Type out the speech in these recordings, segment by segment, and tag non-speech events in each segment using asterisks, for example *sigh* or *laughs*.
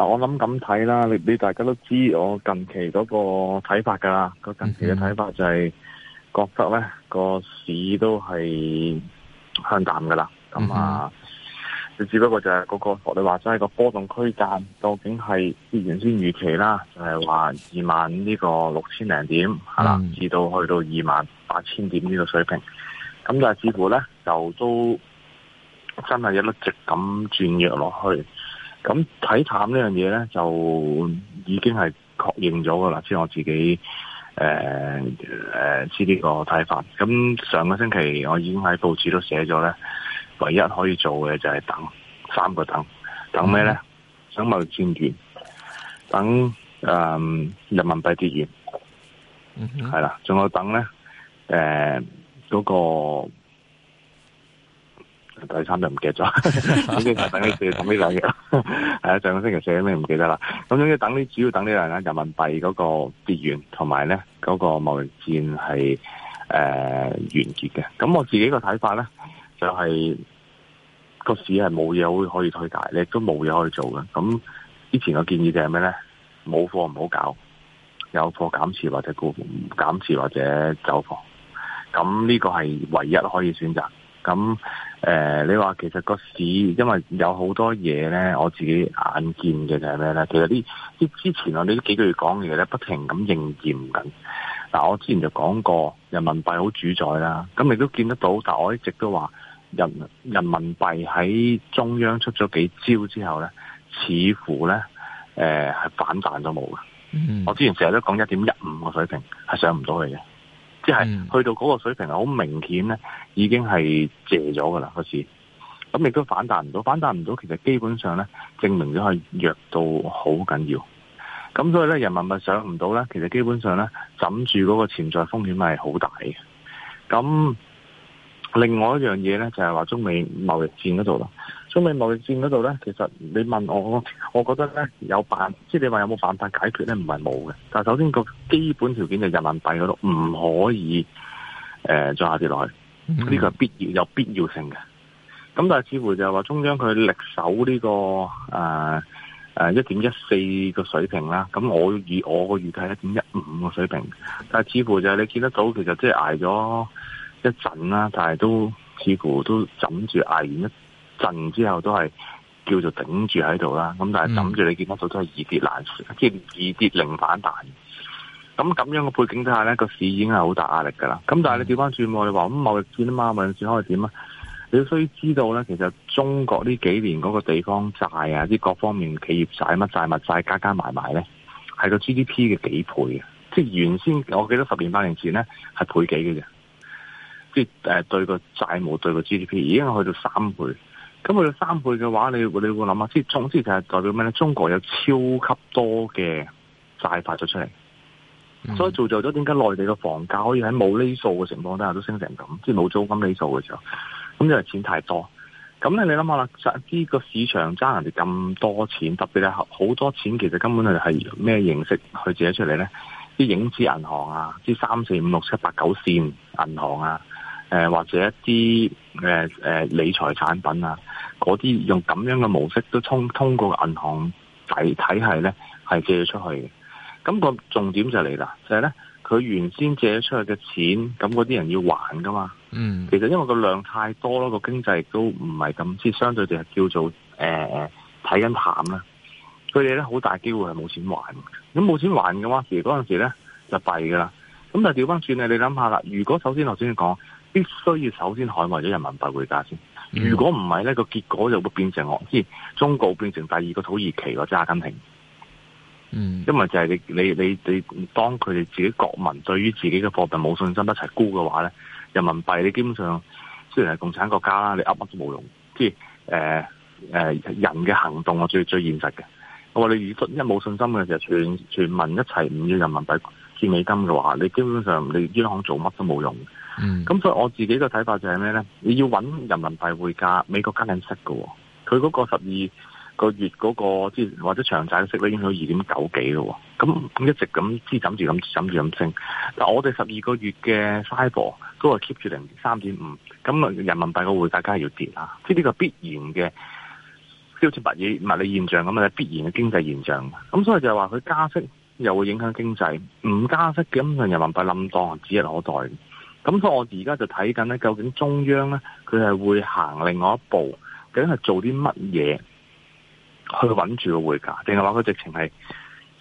啊、我諗咁睇啦，你你大家都知我近期嗰個睇法噶啦，個、嗯、近期嘅睇法就係覺得咧個市都係向淡噶啦，咁啊，你、嗯、只不過就係嗰、嗰個學你話齋個波動區間究竟係原先預期啦，就係話二萬呢個六千零點係啦、嗯，至到去到二萬八千點呢個水平，咁就係似乎咧又都真係一粒直咁轉弱落去。咁睇淡呢樣嘢咧，就已經係確認咗噶啦。先我自己，誒、呃、誒，知呢個睇法。咁上個星期我已經喺報紙都寫咗咧，唯一可以做嘅就係等三個等，等咩咧？等貿易戰完，等誒、呃、人民幣跌完，係、嗯、啦，仲有等咧，誒、呃、嗰、那個。第三就唔記得咗，等你四後呢兩日，係啊，上個星期四咩唔記得啦。咁總要等啲主要等呢兩日人民幣嗰個跌完，同埋咧嗰個貿易戰係誒、呃、完結嘅。咁我自己個睇法咧，就係、是、個市係冇嘢可以推大，你都冇嘢可以做嘅。咁之前嘅建議就係咩咧？冇貨唔好搞，有貨減持或者股減持或者走貨。咁呢個係唯一可以選擇。咁，誒、呃，你話其實個市，因為有好多嘢咧，我自己眼見嘅就係咩咧？其實啲啲之前我哋啲幾個月講嘢咧，不停咁應驗緊。嗱，我之前就講過，人民幣好主宰啦。咁你都見得到，但我一直都話，人人民幣喺中央出咗幾招之後咧，似乎咧，誒、呃，係反彈都冇嘅、嗯。我之前成日都講一點一五個水平係上唔到去嘅。即、嗯、係去到嗰個水平，好明顯咧，已經係借咗㗎喇個市，咁亦都反彈唔到，反彈唔到，到，其實基本上咧，證明咗係弱到好緊要。咁所以咧，人民幣上唔到咧，其實基本上咧，枕住嗰個潛在風險係好大嘅。咁另外一樣嘢咧，就係、是、話中美貿易戰嗰度啦。中美貿易戰嗰度咧，其實你問我，我覺得咧有辦，即係你話有冇辦法解決咧，唔係冇嘅。但係首先個基本條件就人民幣嗰度唔可以誒、呃、再下跌落去，呢、這個係必要有必要性嘅。咁但係似乎就係話中央佢力守呢、這個誒誒一點一四個水平啦。咁我以我個預計一點一五個水平。但係似乎就係你見得到，其實即係捱咗一陣啦，但係都似乎都枕住捱完一。震之後都係叫做頂住喺度啦，咁但係諗住你見得到都係易跌難升，即係易跌零反彈。咁咁樣嘅背景底下咧，個市已經係好大壓力噶啦。咁但係你調翻轉，你話咁貿易戰吖嘛？貿易戰可以點啊？你要需知道咧，其實中國呢幾年嗰個地方債啊，啲各方面企業債乜債務債加加埋埋咧，係個 GDP 嘅幾倍嘅，即係原先我記得十年八年前咧係倍幾嘅咋，即係誒對個債務對個 GDP 已經去到三倍。咁佢三倍嘅話，你你會諗下，即係總之就係代表咩咧？中國有超級多嘅債發咗出嚟，所以造就咗點解內地嘅房價可以喺冇厘數嘅情況底下都升成咁，即係冇租金厘數嘅時候，咁因為錢太多。咁咧你諗下啦，呢、這個市場爭人哋咁多錢，特別係好多錢，其實根本係係咩形式去借出嚟咧？啲影子銀行啊，啲三四五六七八九線銀行啊，誒、呃、或者一啲。誒誒，理財產品啊，嗰啲用咁樣嘅模式都通通過銀行體體系，咧，係借出去嘅。咁個重點就嚟啦，就係咧，佢原先借咗出去嘅錢，咁嗰啲人要還噶嘛。嗯，其實因為個量太多咯，個經濟都唔係咁即，相對就係叫做誒睇緊淡啦。佢哋咧好大機會係冇錢還，咁冇錢還嘅話，時嗰陣時咧就弊噶啦。咁但係調翻轉嚟，你，你諗下啦，如果首先頭先講。必須要首先捍衛咗人民幣匯價先。如果唔係咧，個結果就會變成我即係中國變成第二個土耳其或者阿根廷。嗯，因為就係你你你你當佢哋自己國民對於自己嘅貨幣冇信心，一齊沽嘅話咧，人民幣你基本上雖然係共產國家啦，你噏乜都冇用。即係誒誒人嘅行動我最最現實嘅。我話你如一冇信心嘅就全全民一齊唔要人民幣兌美金嘅話，你基本上你央行做乜都冇用。咁、嗯、所以我自己個睇法就係咩咧？你要揾人民幣匯價，美國加緊息嘅、哦，佢嗰個十二個月嗰、那個即或者長債息咧、哦，影響二點九幾嘅，咁一直咁積枕住咁枕住咁升。嗱，我哋十二個月嘅 fiber 都係 keep 住零三點五，咁啊，人民幣個匯價梗係要跌啦，呢啲個必然嘅，好似物理物理現象咁嘅必然嘅經濟現象。咁所以就係話佢加息又會影響經濟，唔加息嘅咁樣，人民幣冧檔係指日可待。只咁所以我而家就睇緊咧，究竟中央咧佢係會行另外一步，究竟係做啲乜嘢去穩住個匯價，定係話佢直情係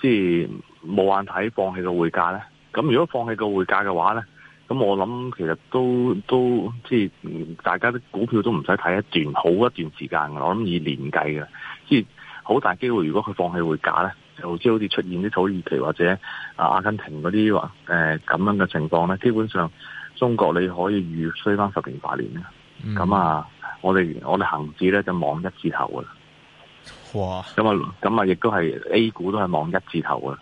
即係冇眼睇放棄個匯價咧？咁如果放棄個匯價嘅話咧，咁我諗其實都都即係大家啲股票都唔使睇一段好一段時間嘅，我諗以年計嘅，即係好大機會。如果佢放棄匯價咧，就好似好似出現啲土耳其或者啊阿根廷嗰啲話誒咁樣嘅情況咧，基本上。中國你可以預衰翻十年八年咧，咁、嗯、啊，我哋我哋恒指咧就望一字頭噶啦，哇！咁啊咁啊，亦、啊、都係 A 股都係望一字頭噶啦，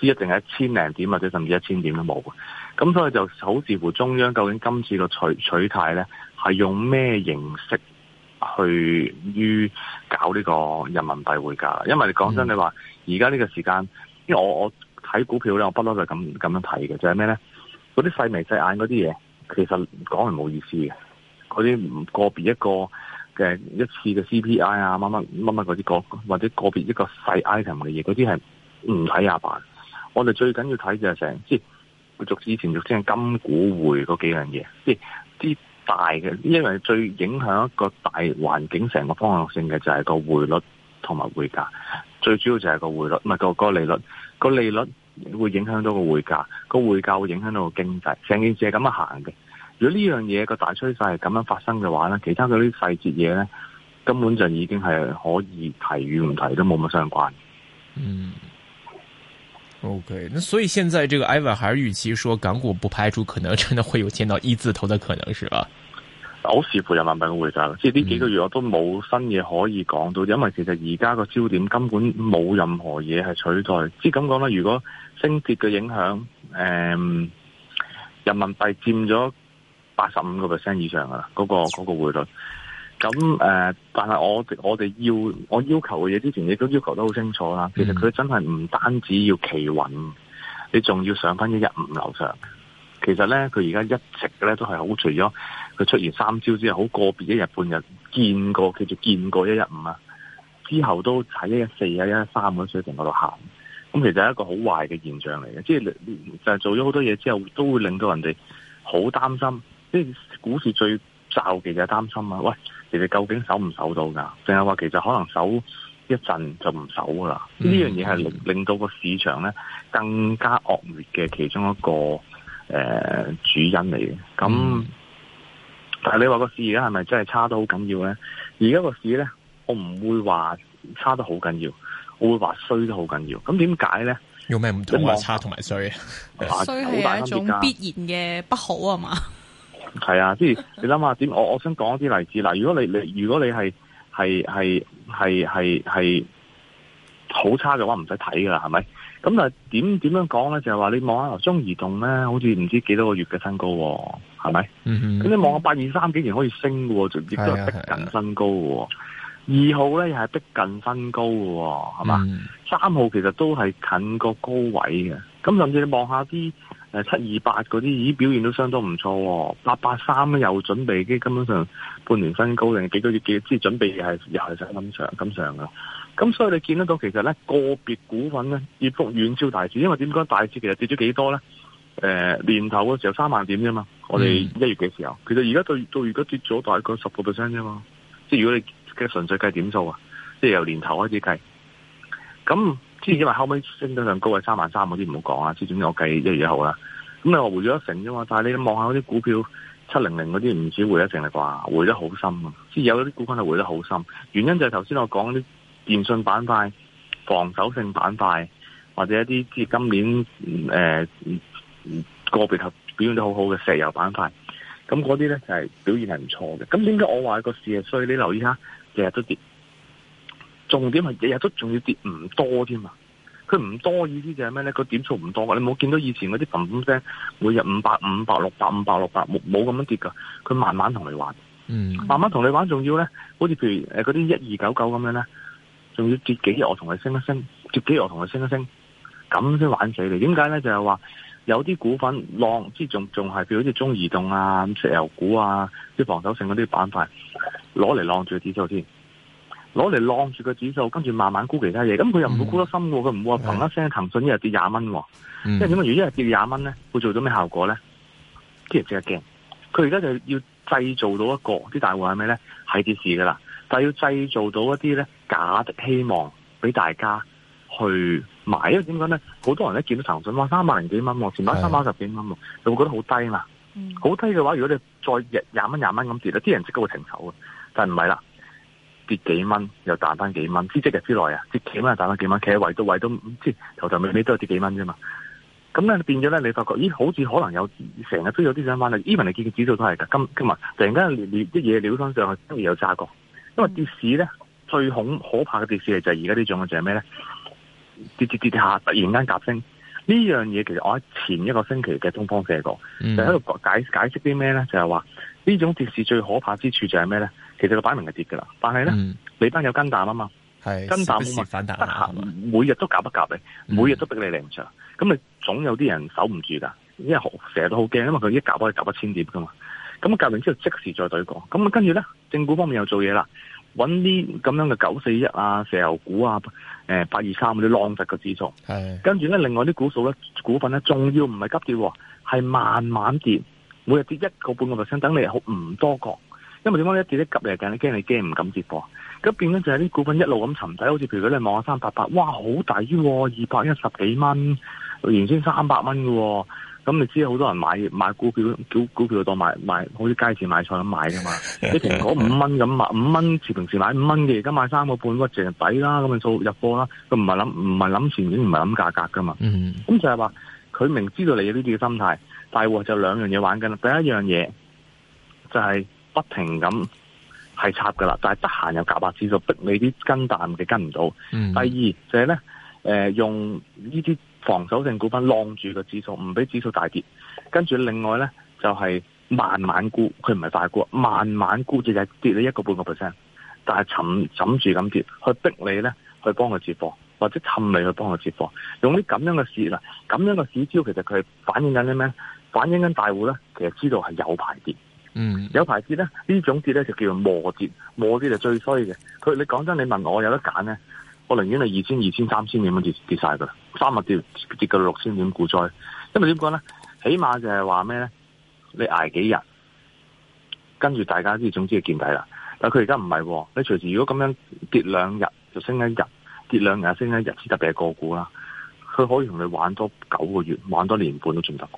即一定係一千零點或者甚至一千點都冇噶。咁所以就好視乎中央究竟今次個取取態咧，係用咩形式去於搞呢個人民幣匯價啦？因為你講真，你話而家呢個時間，因為我我睇股票咧，我不嬲就咁咁樣睇嘅，就係咩咧？嗰啲細眉細眼嗰啲嘢，其實講係冇意思嘅。嗰啲個別一個嘅一次嘅 CPI 啊，乜乜乜乜嗰啲個，或者個別一個細 item 嘅嘢，嗰啲係唔睇也罷。我哋最緊要睇就係成即係逐之前逐先係金股匯嗰幾樣嘢，即係啲大嘅，因為最影響一個大環境成個方向性嘅就係個匯率同埋匯價，最主要就係個匯率，唔係個個利率，個利率。會影響到個匯價，個匯價會影響到個經濟，成件事係咁樣行嘅。如果呢樣嘢個大趨勢係咁樣發生嘅話咧，其他嗰啲細節嘢咧，根本就已經係可以提與唔提都冇乜相關。嗯，OK，那所以現在這個 Ivan 還是預期說，港股不排除可能真的會有見到一字頭的可能，是吧？我視乎人民幣嘅匯價，即係呢幾個月我都冇新嘢可以講到，因為其實而家個焦點根本冇任何嘢係取代。即係咁講啦，如果升跌嘅影響，誒、呃，人民幣佔咗八十五個 percent 以上噶啦，嗰、那個嗰、那個匯率。咁誒，但係、呃、我我哋要我要求嘅嘢之前亦都要求得好清楚啦。其實佢真係唔單止要企穩，你仲要上翻一日五樓上。其實咧，佢而家一直咧都係好除咗。佢出現三招之後，好個別一日半日見過，叫做見過一一五啊。之後都喺一一四啊、一一三、一一三嗰水平嗰度行。咁其實係一個好壞嘅現象嚟嘅，即係就係、是、做咗好多嘢之後，都會令到人哋好擔心。即係股市最罩忌，就係擔心啊！喂，其實究竟守唔守到㗎？定係話其實可能守一陣就唔守㗎啦？呢樣嘢係令到個市場咧更加惡劣嘅其中一個誒、呃、主因嚟嘅。咁但係你話個市而家係咪真係差得好緊要咧？而家個市咧，我唔會話差得好緊要，我會話衰得好緊要。咁點解咧？有咩唔同啊？差同埋衰，就係、衰大一種必然嘅不好啊嘛。係 *laughs* 啊，即係你諗下點？我我想講一啲例子。嗱，如果你你如果你係係係係係係好差嘅話，唔使睇噶啦，係咪？咁啊，點點樣講咧？就係、是、話你望下，中移動咧，好似唔知幾多個月嘅新高，係咪？咁、嗯、你望下八二三，竟然可以升就亦都逼近新高、嗯、高。二號咧又係逼近新高喎，係、嗯、嘛？三號其實都係近個高位嘅。咁甚至你望下啲誒七二八嗰啲，已表現都相當唔錯。八八三咧又準備，基本上半年新高定幾個月幾，即係準備係又係想咁上咁上咁所以你見得到其實咧個別股份咧跌幅遠超大市，因為點講？大市其實跌咗幾多咧？誒、呃，年頭嘅時候三萬點啫嘛，我哋一月嘅時候，嗯、其實而家到到而家跌咗大概十個 percent 啫嘛。即係如果你計純粹計點數啊，即係由年頭開始計。咁之前因為後尾升得上高位三萬三嗰啲唔好講啊，總之我計一月一號啦。咁你話回咗一成啫嘛，但係你望下嗰啲股票七零零嗰啲唔止回一成嘅啩，回得好深。啊。即有啲股份係回得好深，原因就係頭先我講啲。電信板塊、防守性板塊，或者一啲即係今年誒、呃、個別表現得好好嘅石油板塊，咁嗰啲咧就係、是、表現係唔錯嘅。咁點解我話個市係衰？你留意一下，日日都跌，重點係日日都仲要跌唔多添啊。佢唔多意思就係咩咧？佢點數唔多，你冇見到以前嗰啲咁聲，每日五百五百六百五百六百冇冇咁樣跌噶，佢慢慢同你玩，慢慢同你玩，仲要咧，好似譬如誒嗰啲一二九九咁樣咧。仲要跌幾日我同佢升一升，跌幾日我同佢升一升，咁先玩死你。點解咧？就係、是、話有啲股份浪，即係仲仲係，譬如好似中移動啊、石油股啊、啲防守性嗰啲板塊，攞嚟浪住個指數先，攞嚟浪住個指數，跟住慢慢沽其他嘢。咁佢又唔會沽得深嘅，佢、嗯、唔會話砰一聲，騰，一聲騰訊一日跌廿蚊、啊嗯。因為點解？如果一日跌廿蚊咧，會做到咩效果咧？啲人淨係驚。佢而家就要製造到一個啲大戶係咩咧？係跌市嘅啦。但係要製造到一啲咧，假的希望俾大家去買，因為點講咧？好多人一見到騰訊話三百零幾蚊喎，前晚三百十幾蚊喎，就會覺得好低嘛。好低嘅話，如果你再廿蚊、廿蚊咁跌咧，啲人即刻會停手嘅。但唔係啦，跌幾蚊又彈翻幾蚊，即即日之內啊，跌幾蚊彈翻幾蚊，企喺位都位都即知頭頭尾尾都係跌幾蚊啫嘛。咁咧變咗咧，你發覺咦，好似可能有成日都有啲想買啦。even 你見佢指數都係㗎，今今日突然間連連嘢料升上去，跟住有炸過。因為跌市咧，最恐可怕嘅跌市就係而家呢種嘅就係咩咧？跌跌跌跌下突然間夾升呢樣嘢。其實我喺前一個星期嘅東方社講就喺度解解釋啲咩咧？就係話呢種跌市最可怕之處就係咩咧？其實個擺明係跌噶啦，但係咧、嗯、你班有跟蛋啊嘛，跟蛋冇乜反彈得閒、啊、每日都夾一夾你、嗯，每日都逼你零上，咁你總有啲人守唔住噶，因為成日都好驚，因為佢一夾可以夾，夾一千點噶嘛。咁隔完之後即時再對過咁啊，跟住咧，政府方面又做嘢啦，搵啲咁樣嘅九四一啊、石油股啊、誒八二三嗰啲浪實嘅指數，係跟住咧，另外啲股數咧、股份咧，仲要唔係急跌，係慢慢跌，每日跌一個半個 percent，等你好唔多覺，因為點解一跌得急嚟嘅，怕你驚，你驚唔敢接貨，咁變咗就係啲股份一路咁沉底，好似譬如你望下三八八，哇，好抵，哦，二百一十幾蚊，原先三百蚊嘅。咁、嗯、你知好多人買買股票，股票當買買,買，好似街市買菜咁買噶嘛？啲蘋果五蚊咁買，五蚊似平時買五蚊嘅，而家買三個半屈淨係抵啦。咁樣數入貨啦，佢唔係諗唔係諗前面，唔係諗價格噶嘛。咁、mm-hmm. 就係話佢明知道你有呢啲嘅心態，大鑊就兩樣嘢玩緊啦。第一樣嘢就係、是、不停咁係插噶啦，但係得閒又夾指數，就逼你啲跟彈，嘅跟唔到。第二就係咧、呃，用呢啲。防守性股份晾住個指數，唔俾指數大跌。跟住另外咧，就係慢慢沽，佢唔係大沽，慢慢沽只係跌你一個半個 percent，但係沉枕住咁跌，去逼你咧去幫佢接貨，或者氹你去幫佢接貨，用啲咁樣嘅事啦，咁樣嘅市招，其實佢係反映緊啲咩？反映緊大戶咧，其實知道係有排跌，嗯，有排跌咧，呢種跌咧就叫做磨跌，磨跌就最衰嘅。佢你講真，你問我有得揀咧？我寧願你二千、二千、三千點蚊跌跌晒噶啦，三日跌跌到六千點股災，因為點講咧？起碼就係話咩咧？你挨幾日，跟住大家啲總之係見底啦。但係佢而家唔係，你隨時如果咁樣跌兩日就升一日，跌兩日升一日，先特別係個股啦，佢可以同你玩多九個月，玩多年半都仲得。嗱、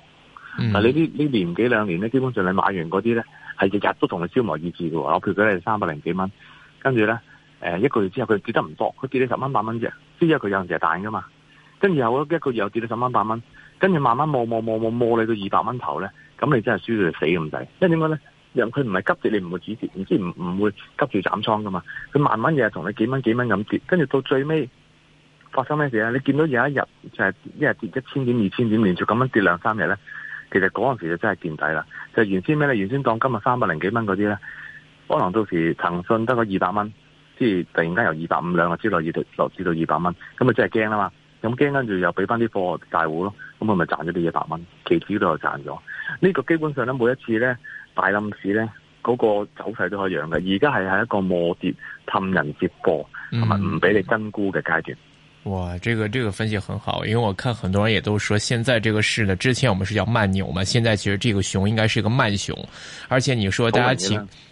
嗯，但你呢呢年幾兩年咧，基本上你買完嗰啲咧，係日日都同你消磨意志噶。我譬如佢係三百零幾蚊，跟住咧。誒，一個月之後佢跌得唔多，佢跌到十蚊八蚊啫。即係佢有人就彈噶嘛，跟住後一一個月又跌到十蚊八蚊，跟住慢慢摸摸摸摸摸，摸，摸你你，你到二百蚊頭咧，咁你真係輸到死咁滯。因為點解咧？佢唔係急跌，你唔會止跌，唔知唔唔會急住斬倉噶嘛？佢慢慢嘢，同你幾蚊幾蚊咁跌，跟住到最尾發生咩事啊？你見到有一日就係，一日跌一千點、二千點，連續咁樣跌兩三日咧，其實嗰陣時就真係見底啦。就原先咩咧？原先當今日三百零幾蚊嗰啲咧，可能到時騰訊得個二百蚊。即係突然間由二百五兩啊之內，跌落至到二百蚊，咁咪真係驚啦嘛！咁驚跟住又俾翻啲貨大戶咯，咁我咪賺咗啲二百蚊，其次都又賺咗。呢、這個基本上咧，每一次咧大冧市咧，嗰、那個走勢都係一樣嘅。而家係喺一個磨跌、氹人接貨，唔係唔俾你跟沽嘅階段。哇，呢個呢個分析很好，因為我看很多人也都說，現在這個市呢，之前我們是叫慢牛嘛，現在其實這個熊應該是一個慢熊，而且你說大家請。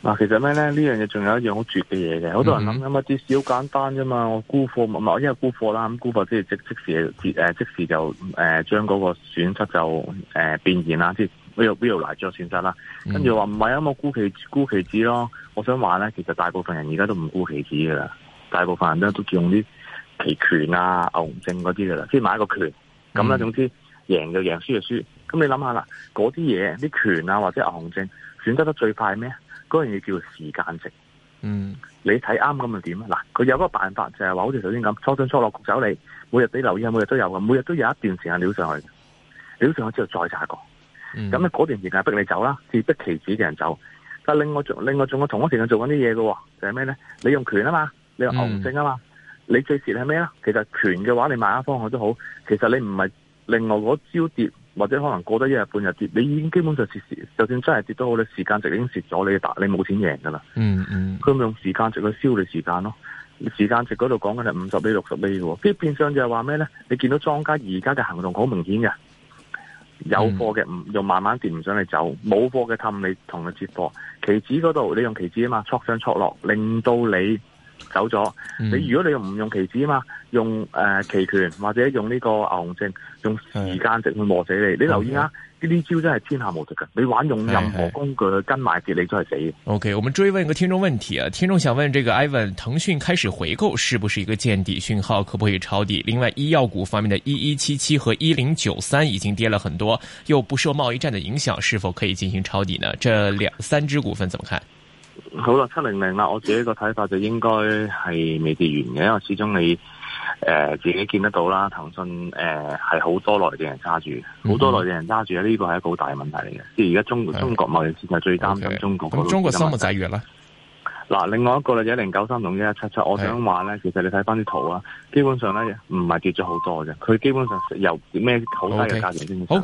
嗱，其實咩咧？呢樣嘢仲有一樣好絕嘅嘢嘅，好多人諗諗一啲小簡單啫嘛。我沽貨咪咪，因為沽貨啦，咁沽貨即係即即時誒，即時就誒將嗰個損失就誒變現啦，即係 real realize 咗損失啦。跟住話唔係啊，我沽期沽期指咯，我想話咧，其實大部分人而家都唔沽期指噶啦，大部分人都都用啲期權啊、牛熊證嗰啲噶啦，即係買個權咁咧。總之贏就贏，輸就輸。咁你諗下啦，嗰啲嘢啲權啊，或者牛熊證，選擇得，得最快咩？嗰樣嘢叫時間值。嗯，你睇啱咁就點啊？嗱，佢有嗰個辦法就係話，好似頭先咁，初進初落，焗走你。每日你留意下，每日都有噶，每日都有一段時間撩上去，撩上去之後再下一個。咁咧，嗰段時間逼你走啦，自逼其子嘅人走。但係另外仲，另外仲，有同一時間做緊啲嘢嘅，就係咩咧？你用權啊嘛，你用牛熊證啊嘛，你最蝕係咩咧？其實權嘅話，你買一方我都好，其實你唔係另外嗰招跌。或者可能過得一日半日跌，你已經基本上蝕時，就算真係跌都好時你、嗯嗯、時你時間值已經蝕咗，你打你冇錢贏噶啦。嗯嗯，佢咪用時間值去消你時間咯，時間值嗰度講緊係五十釐六十釐嘅，變相就係話咩咧？你見到莊家而家嘅行動好明顯嘅，有貨嘅唔用慢慢跌唔上嚟走，冇貨嘅氹你同佢接貨。期指嗰度你用期指啊嘛，戳上戳落，令到你。走咗，你如果你又唔用期指啊嘛，用誒期權或者用呢個牛熊證，用時間值去磨死你。你留意下，呢、okay. 啲招真係天下無敵嘅，你玩用任何工具去跟埋跌你都係死。OK，我們追問個聽眾問題啊，聽眾想問這個 Ivan，騰訊開始回購是不是一個見底訊號，可不可以抄底？另外，醫藥股方面的一一七七和一零九三已經跌了很多，又不受貿易戰的影響，是否可以進行抄底呢？這兩三隻股份怎麼看？好啦，七零零啦，我自己個睇法就應該係未跌完嘅，因為始終你誒、呃、自己見得到啦，騰訊誒係好多內地人揸住，好多內地人揸住呢個係一個好大嘅問題嚟嘅。而家中中國貿、okay. 易市場最擔心中國咁，okay. 中國三個仔月啦。嗱，另外一個就一零九三同一一七七，1177, 我想話咧，其實你睇翻啲圖啊，基本上咧唔係跌咗好多嘅，佢基本上由咩、okay. 好低嘅價錢先會。